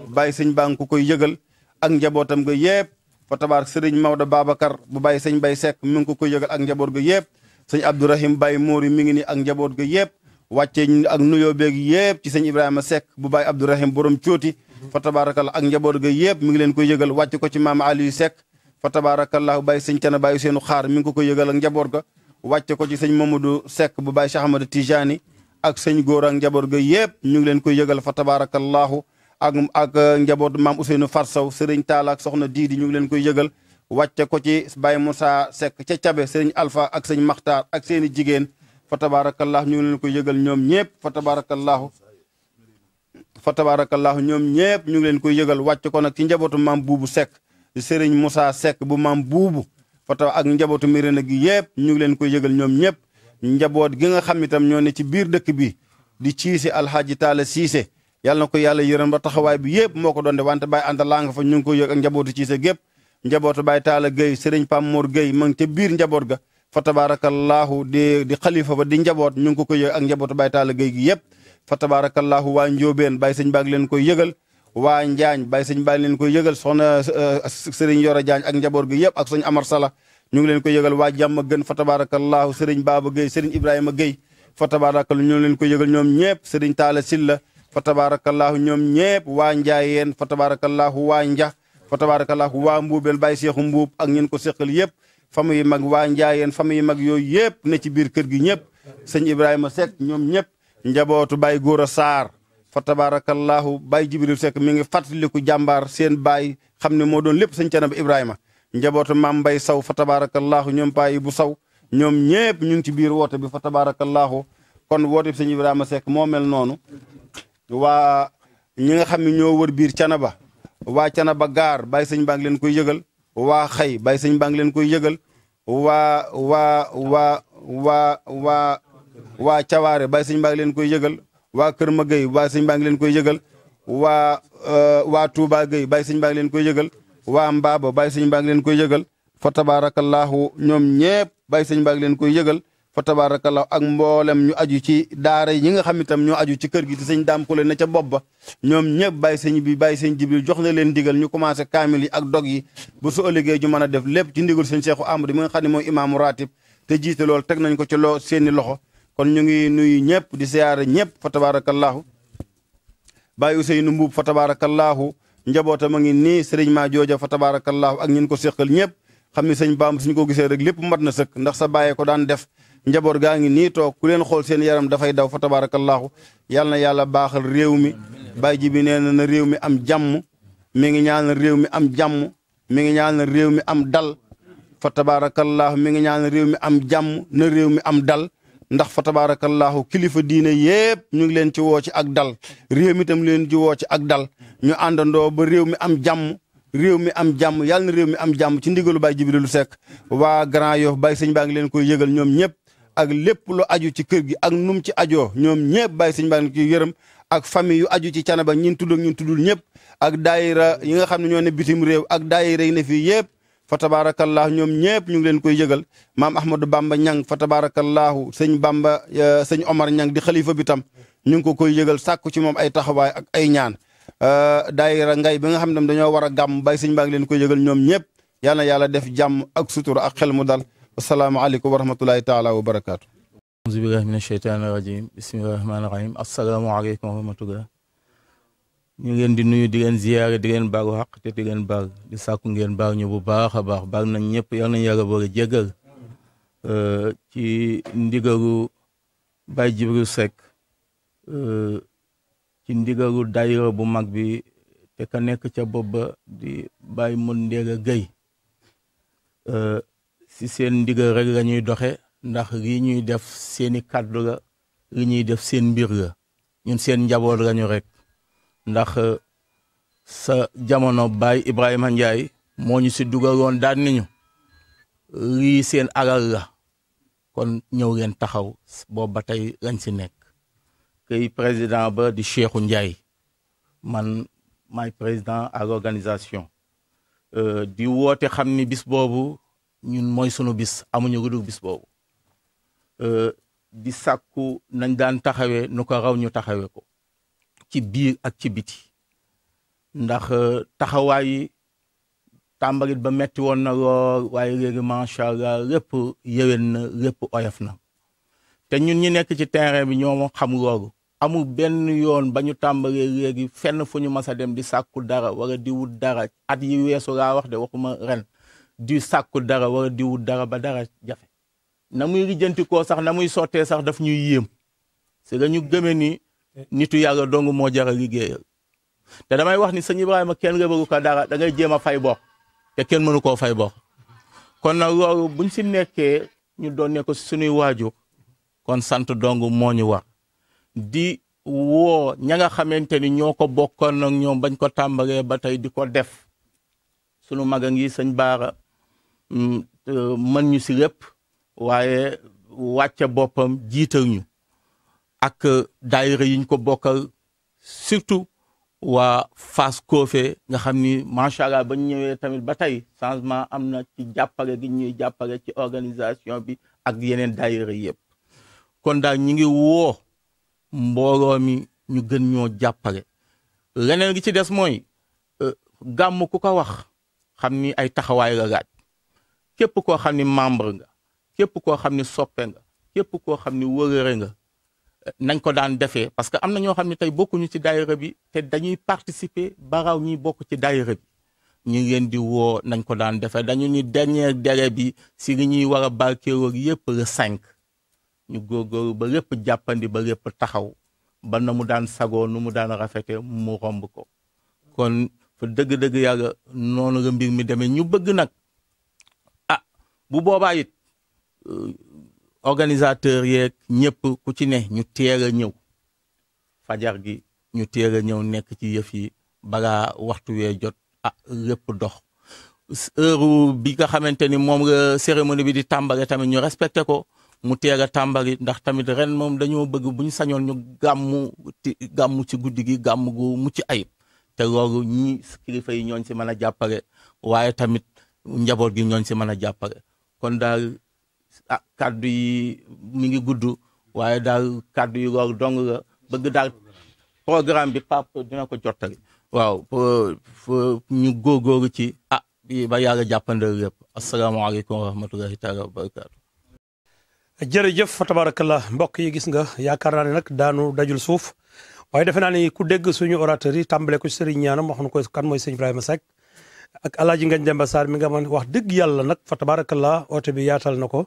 D: Baye sëñ baa ngi koy yëgal ak njabootam ga yëpp fa tabaar sëriñ Maodo Babacar bu bàyyi sëñ Bay Seck mi ngi ko koy yëgal ak njaboot ga yëpp sëñ Abdourahim Bay Móori mi ngi nii ak njaboot ga yëpp wàcce ak nuyoo beeg yëpp ci sëñ Ibrahima Seck bu bàyyi Abdourahim borom cooti fa tabaarakalla ak njaboot ga yëpp mi ngi leen koy yëgal wàcc ko ci maam Aliou Seck fa tabaarakallaahu bàyyi sëñ Cana bàyyi seenu xaar mi ngi ko koy yëgal ak njaboot ga wàcce ko ci sëñ Mamadou Seck bu bàyyi Cheikh Ahmadou Tijani ak sëñ góor ak njaboot ga yëpp ñu ngi leen koy yëgal fa tabaarakallaahu ak ak euh, njabootu maam Ousseynou Farsaw sëriñ Talla ak soxna Diidi ñu ngi leen koy yëgal wàcce ko ci Baye Moussa Seck ca Cabe sëriñ Alpha ak sëñ Maxtaar ak seen jigéen fa tabarakallah ñu ngi leen koy yëgal ñoom ñëpp fa tabarakallahu fa tabarakallahu ñoom ñëpp ñu ngi leen koy yëgal wàcce ko nag ci njabootu maam Buubu sek sëriñ Moussa Seck bu maam Buubu fata ak njabootu Mirena gi yëpp ñu ngi leen koy yëgal ñoom ñëpp njaboot gi nga xam itam ñoo ne ci biir dëkk bi di ciise alxaaji Taala Siise yàlla na ko yàlla yërëm ba taxawaay bi yëpp moo ko doon de wante bàyyi ànta laa fa ñu ko yëg ak njabootu ci sa gépp njabootu bàyyi taala Guèye sëriñ Pam Mor Guèye ma ngi ca biir njaboot ga fa tabaarakallaahu di di xalifa fa di njaboot ñu ngi ko ko yëg ak njabootu bàyyi taala Guèye gi yëpp fa tabaarakallaahu waa njóobeen bàyyi sëñ baa ngi leen koy yëgal waa njaañ bàyyi sëñ baa ngi leen koy yëgal soxna eh, sëriñ Yoro Jaañ ak njaboot gi yëpp ak sëñ Amar Sala ñu ngi leen ko yëgal waa jàmm gën fa tabaarakallaahu sëriñ Baaba Guèye sëriñ Ibrahima Guèye fa tabaarakallaahu ñu ngi leen ko yëgal ñoom ñëpp sëriñ Taala Silla fa tabaarakallaahu ñoom ñëpp waa njaayeen fa tabaarakallaahu waa njax fa tabaarakallaahu waa mbuubeen bàyyi seexu mbuub ak ñun ko seqal yëpp famille mag waa njaayeen famille mag yooyu yëpp ne ci biir kër gi ñëpp sëñ Ibrahima Seck ñoom ñëpp njabootu Baye Gora Sarr fa tabaarakallaahu Baye Jibril Seck mi ngi fàttaliku jàmbaar seen baay xam ne moo doon lépp sëñ Canaba Ibrahima njabootu Maam Mbay Saw fa tabaarakallaahu ñoom payi bu saw ñoom ñëpp ñu biir woote bi fa tabaarakallaahu waa ñi nga xam ne ñoo wër biir canaba waa canaba gaar bàyyi sëñ baa ngi leen koy yëgal waa xëy bàyyi sëñ baa ngi leen koy yëgal waa waa waa waa waa waa cawaare bàyyi sëñ baa ngi leen koy yëgal waa kër ma gay bàyyi sëñ baa ngi leen koy yëgal waa euh, waa tuuba gay bàyyi sëñ baa ngi leen koy yëgal waa mbaaba bàyyi sëñ baa ngi leen koy yëgal fa tabaarakallaahu ñoom ñépp bàyyi sëñ baa ngi leen koy yëgal fa tabarakallah ak mboolem ñu aju ci daara yi nga xam itam ñoo aju ci kër gi di sëñ daam kule ne ca bopp ba ñoom ñëpp bàyyi sëñ bi bàyyi sëñ jibril jox na leen ndigal ñu commencé kaamil yi ak dog yi bu su ëllëgee ñu mën a def lépp ci ndigal seen seexu amadu mi nga ne mooy imaamu ratib te jiite loolu teg nañ ko ci loo seeni loxo kon ñu ngi nuyu ñëpp di siyaare ñëpp fa tabarakallahu bàyyi Useynu Mbuub fa tabarakallahu njabootam a ngi nii sëriñ maa jooja fa tabarakallahu ak ñun ko séqal ñëpp xam ne sëñ baam suñ ko gisee rek lépp mat na sëkk ndax sa bàyyee ko daan def njaboot gaa ngi nii toog ku leen xool seen yaram dafay daw fa tabaarakallaahu yàlla na yàlla baaxal réew mi bàyyi ji bi nee na na réew mi am jàmm mi ngi ñaanal réew mi am jàmm mi ngi ñaanal réew mi am dal fa tabaarakallaahu mi ngi ñaanal réew mi am jàmm na réew mi am dal ndax fa tabaarakallaahu kilifa diine yépp ñu ngi leen ci woo ci ak dal réew mi tam leen ci woo ci ak dal ñu àndandoo ba réew mi am jàmm réew mi am jàmm yàlla na réew mi am jàmm ci ndigalu Baye Jibrilu sekk waa Grand Yoff Baye sëñ baa ngi leen koy yëgal ñoom ñëpp ak lépp lu aju ci kër gi ak num ci ajo ñoom ñëpp bàyyi sëñ baa ngi ci yërëm ak famille yu aju ci canaba ñun tudd ak ñun tuddul ñëpp ak daayira yi xam ne ñoo ne bitim réew ak daayira yi ne fii yëpp fa tabaarakallahu ñoom ñëpp ñu ngi leen koy yëgal maam Ahmadou Bamba ñang fa tabaarakallahu sëñ Bamba sëñ Omar ñang di xalifa bi tam ñu ngi ko koy yëgal sàkku ci moom ay taxawaay ak ay ñaan euh, daayira ngay bi nga xam ne dañoo war a gàmm bay sëñ baa leen koy yëgal ñoom ñëpp yal na yàlla def jàmm ak sutura ak xel mu dal asalaamaaleykum wa rahmatulahi taala wa barakaatu.
E: auzu billahi mina rajim bismillahi rahmaani rahim asalaamaaleykum wa rahmatullah ñu ngi leen di nuyu di leen ziyaare di leen baalu te di leen baal di sàkku ngeen baal ñu bu baax a baax baal nañ ñëpp yal nañ yàlla boole jéggal ci ndigalu Baye Jibril Seck ci ndigalu daayira bu mag bi te nekk ca bopp ba di Baye Mundéega Guèye si seen ndigal rek la ñuy doxe ndax li ñuy def seeni kàddu la li ñuy def seen mbir la ñun seen njaboot lañu rek ndax euh, sa jamono baay Ibrahima Ndiaye moo ñu si dugaloon daal nañu lii seen alal la kon ñëw leen taxaw boobu ba tey lañ si nekk kay président ba di Cheikhou Ndiaye man may président à l'organisation euh, di woote xam ni bis boobu ñun mooy sunu bis amuñu gudu bis boobu euh, di sàkku nañ daan taxawee nu ko raw ñu taxawee ko ci biir ak ci biti ndax euh, taxawaay yi tàmbalit ba metti woon na lool waaye léegi macha allah lépp yëwén na lépp oyof na te ñun ñi nekk ci terrain bi ñoo xam loolu amul benn yoon ba ñu tàmbalee léegi fenn fu ñu mas a dem di sàkku dara wala di wut dara at yi weesu laa wax de waxuma ren di sàkkul dara wala di wut dara ba dara jafe na muy lijjantikoo sax na muy sottee sax daf ñuy yéem c'est que ñu gëmee ni nitu yàlla dong moo jar a liggéeyal te damay wax ni sëñ Ibrahima kenn rëbalu ko dara da ngay jéem a fay bokk te kenn mënu koo fay bo kon nag loolu buñ si nekkee ñu doon ne ko suñuy waajur kon sant dong moo ñu war di woo ña nga xamante ni ñoo ko bokkoon ak ñoom bañ ko tàmbalee ba tey di ko def sunu mag a ngi sëñ Baara Mm, mën ñu si lépp waaye wàcce boppam jiital ñu ak euh, daayira yiñ ko bokkal surtout waa fas Kofé nga xam ni macha allah ba ñëwee tamit ba tey changement am na ci jàppale gi ñuy jàppale ci organisation bi ak yeneen daayira yëpp kon daal ñu ngi woo mbooloo mi ñu gën ñoo jàppale leneen gi ci des mooy euh, gàmm ku ko wax xam ni ay taxawaay la képp koo xam ni membre nga képp koo xam ni soppe nga képp koo xam ni wërëre nga eh, nañ ko daan defee parce que am na ñoo xam ne tey bokkuñu ci daayira bi te dañuy participer baraw ñi bokk ci dayre bi ñu ngi di woo nañ ko daan defee dañu ni dernier délai bi si li ñuy war a barkeeroog yépp le cinq ñu góorgóorlu ba lépp jàppandi ba lépp taxaw ba na mu daan sagoo nu mu daan rafetee mu romb ko kon fa dëgg-dëgg yàlla noonu la mbir mi demee ñu bëgg nag bu boobaa it euh, organisateur yeeg ñëpp ku ci ne ñu teel a ñëw fajar gi ñu teel a ñëw nekk ci yëf yi balaa waxtu wee jot ah lépp dox heure bi nga xamante ni moom la cérémonie bi di tàmbale tamit ñu respecté ko mu teel a tàmbali ndax tamit ren moom dañoo bëgg bu ñu sañoon ñu gàmmu ci gàmmu ci guddi gi gàmm gu mucc ayib te loolu ñi kilifa yi ñooñ si mën a jàppale waaye tamit njaboot gi ñooñ si mën a jàppale kon daal ah kàddu yi mi ngi gudd waaye daal kàddu yi loolu dong la bëgg daal programme bi pap dina ko jot jottali waaw ñu góorgóoru ci a ah ba yàlla jàppandal yëpp asalaamaaleykum wa rahmatulahi taala wa barakaatu
C: jërëjëf fa tabarakallah mbokk yi gis nga yaakaar naa ne nag daanu dajul suuf waaye defe naa ni ku dégg suñu orateur yi tàmbale ko sëriñ ñaanam wax na ko kan mooy sëñ ma Seck ak alaaji ngañ demba saar mi nga man wax dëgg yàlla nag fa la oote bi yaatal na ko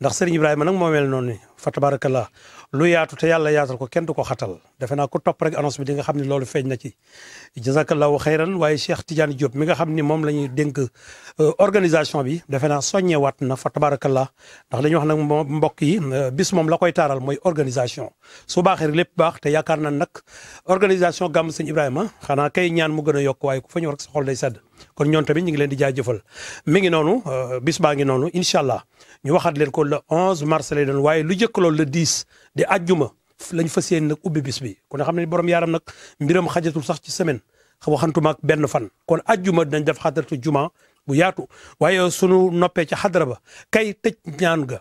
C: ndax sëriñ ibrahima nag moo mel noonu fa tabarakallah lu yaatu te yàlla yaatal ko kenn du ko xatal defe naa ko topp rek annonce bi di nga xam ne loolu feeñ na ci jazakallahu xayran waaye Cheikh Tidiane Diop mi nga xam ni moom la ñuy dénk euh, organisation bi defe naa soññewaat na fa tabarakallah ndax dañuy wax nag mbokk yi euh, bis moom la koy taaral mooy organisation su baaxee rek lépp baax te yaakaar na nag organisation gam sëñ Ibrahima xanaa kay ñaan mu gën a yokk waaye ku fa ñëw rek sa day sadd kon ñoon tamit ñu ngi leen di jaajëfal mi ngi noonu euh, bis baa ngi noonu incha allah ñu waxaat leen ko le 11 mars lay waaye lu jëkk loolu le 10 di àjjuma lañ fas yéene nag ubbi bis bi kon xam ne borom yaram nag mbiram xajatul sax ci semaine waxantuma ak benn fan kon àjjuma dinañ def xadratu juma bu yaatu waaye sunu noppee ci xadra ba kay tëj ñaan ga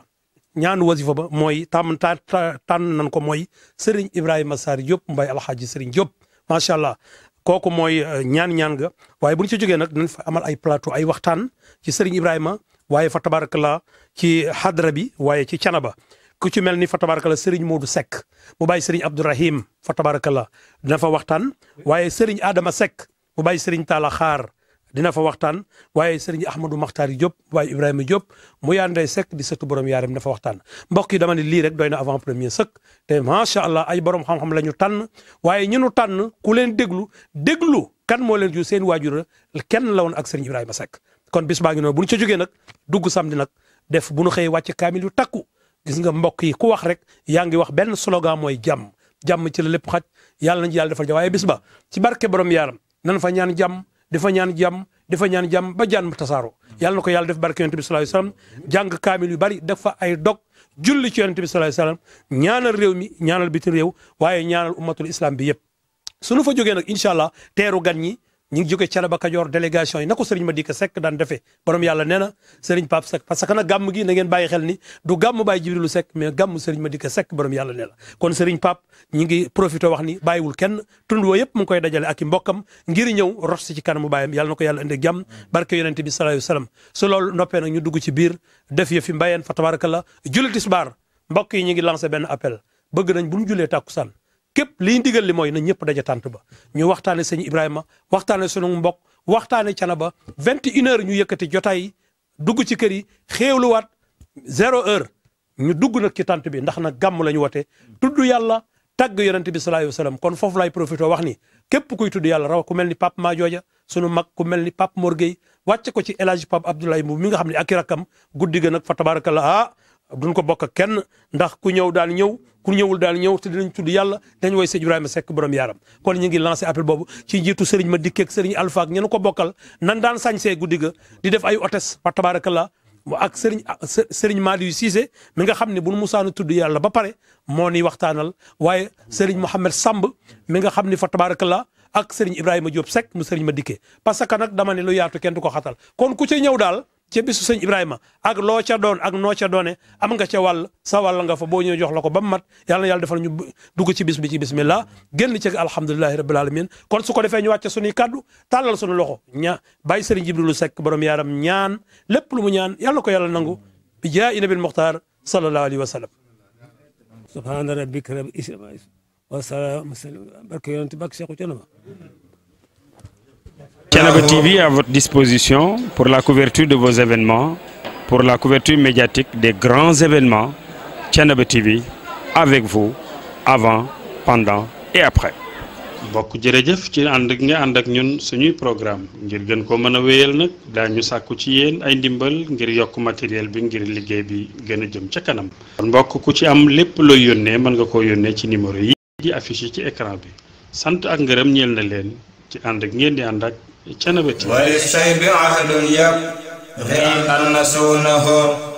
C: ñaan wasifa ba mooy tàmm tànn nan ko mooy Serigne Ibrahima Sarr Diop Mbaye alxaaji Serigne Diop macha allah kooku mooy ñaan-ñaan euh, ga waaye bu ñu ci jógee nag nañ fa amal ay plateau ay waxtaan ci Serigne Ibrahima waaye fa tabarakallah ci xadra bi waaye ci canaba ku ci mel ni fa tabaarakalla Serigne Modou sekk mu bàyyi Serigne Abdourahim fa tabaarakalla dina fa waxtaan waaye Serigne Adama Seck mu bàyyi Serigne taala Xaar dina fa waxtaan waaye Serigne Ahmadou Makhtar Diop mu bàyyi Ibrahima Diop mu yaandee Seck di sëtu borom yaaram dina fa waxtaan. mbokk yi dama ne lii rek doy na avant premier sëkk te macha allah ay borom xam-xam la ñu tànn waaye ñu nu tànn ku leen déglu déglu kan moo leen ju seen waajur kenn la woon ak Serigne Ibrahima Seck kon bis baa ngi bu ñu ca jógee nag dugg samedi nag def bu ñu xëyee wàcc kaamil yu takku gis nga mbokk yi ko wax rek yaa ngi wax benn slogan mooy jàmm jàmm ci la lépp xaj yàlla nañu yàlla defal jàmm waaye bis ba ci barke borom yaaram nan fa ñaan jàmm dafa ñaan jàmm dafa ñaan jàmm ba jaan mu tasaaro yàlla na ko yàlla def barke yonent bi sallallahu alayhi wasallam jàng kaamil yu bari def fa ay dog julli ci yonent bi sallallahu alayhi ñaanal réew mi ñaanal biti réew waaye ñaanal ummatul islam bi yëpp sunu fa jogee nag incha allah teeru gan ñi ñu ngi jóge Thiénaba Kajoor délégation yi na ko Serigne Madick Seck daan defee borom yàlla nee na Serigne Pape Seck parce que nag gàmm gi na ngeen bàyyi xel ni du gàmm Baye Jibrilu Seck mais gàmm Serigne Madick Seck borom yàlla nee na kon Serigne Pape ñu ngi profité wax ni bàyyiwul kenn tund woo yëpp mu koy dajale ak i mbokkam ngir ñëw rot si ci kanamu bàyyam yàlla na ko yalla indi jàmm barke yonente bi sallallahu alayhi wasallam noppee nag ñu dugg ci biir def yëf yi mbayeen fa tabarakallah julli tisbaar mbokk yi ñu ngi lancé benn appel bëgg nañ bu ñu julee tàkkusaan képp li ñu li mooy na ñëpp daje tànt ba ñu waxtaane sëñ Ibrahima waxtaane sunu mbokk waxtaane Canaba vingt et une heures ñu yëkkati jotaay yi dugg ci kër yi xéewluwaat zéro heure ñu dugg nag ci tànt bi ndax nag gàmm lañu ñu wote tudd yàlla tagg yonente bi sallallahu alayhi wa sallam kon foofu laay profité wax ni képp kuy tudd yàlla raw ku mel ni Pape Madiodia sunu mag ku mel ni pap Mor Gueye ko ci El Hadj Pape Abdoulaye Mbow mi nga xam ne ak i rakkam guddi ga nag fa tabaarakallah ah duñ ko bokk ak kenn ndax ku ñëw daan ñëw ku ñëwul daan ñëw te dinañ tudd yàlla dañ woy sëñ Ibrahima Seck borom yaaram kon ñu ngi lancé appel boobu ci njiitu Serigne ma dikkeeg Serigne Alpha ak ñenu ko bokkal nan daan sañsee guddi ga di def ay hôtesse wa tabarakallah ak Serigne Serigne Maliou Cissé mi nga xam ne bu nu musaanu tudd yàlla ba pare moo ni waxtaanal waaye Serigne Mohamed Samb mi nga xam ne fa tabarakallah ak Serigne Ibrahima Diop Seck mu Serigne ma dikkee parce que nag dama ne lu yaatu kenn du ko xatal kon ku cee ñëw daal ce bisu sëñ Ibrahima ak loo ca doon ak noo ca doone am nga ce wàll sa wàll nga fa boo ñëw jox la ko ba mu mat yàlla na yàlla defal ñu dugg ci bis bi ci bismillah génn ci alhamdulilahi rabbil alamin kon su ko defee ñu wàcce suñuy kaddu tàllal sunu loxo ña bàyyi sëriñ Jibrilu sek borom yaram ñaan lépp lu mu ñaan yàlla ko yàlla nangu bi jaayi nabil muxtaar sallallahu alayhi wa sallam subhaana rabbika rabbil izzati wa salaamun barke yonent bak Seexu Canaba
D: Thiénaba TV à votre disposition pour la couverture de vos événements, pour la couverture médiatique des grands événements. Thiénaba TV avec vous avant, pendant et après. bokk jërëjëf ci ànd ak nga ànd ak ñun suñuy programme ngir gën ko mën a wéyal nag daañu sàkku ci yéen ay ndimbal ngir yokk matériel bi ngir liggéey bi gën a jëm ca kanam. mbokk ku ci am lépp looy yónnee mën nga ko yónnee ci numéro yi di affiché ci écran bi sant ak ngërëm ñeel na leen ci ànd ak ngeen di ànd ak. canabati walisay bi ahdun yab ri an annasuunahu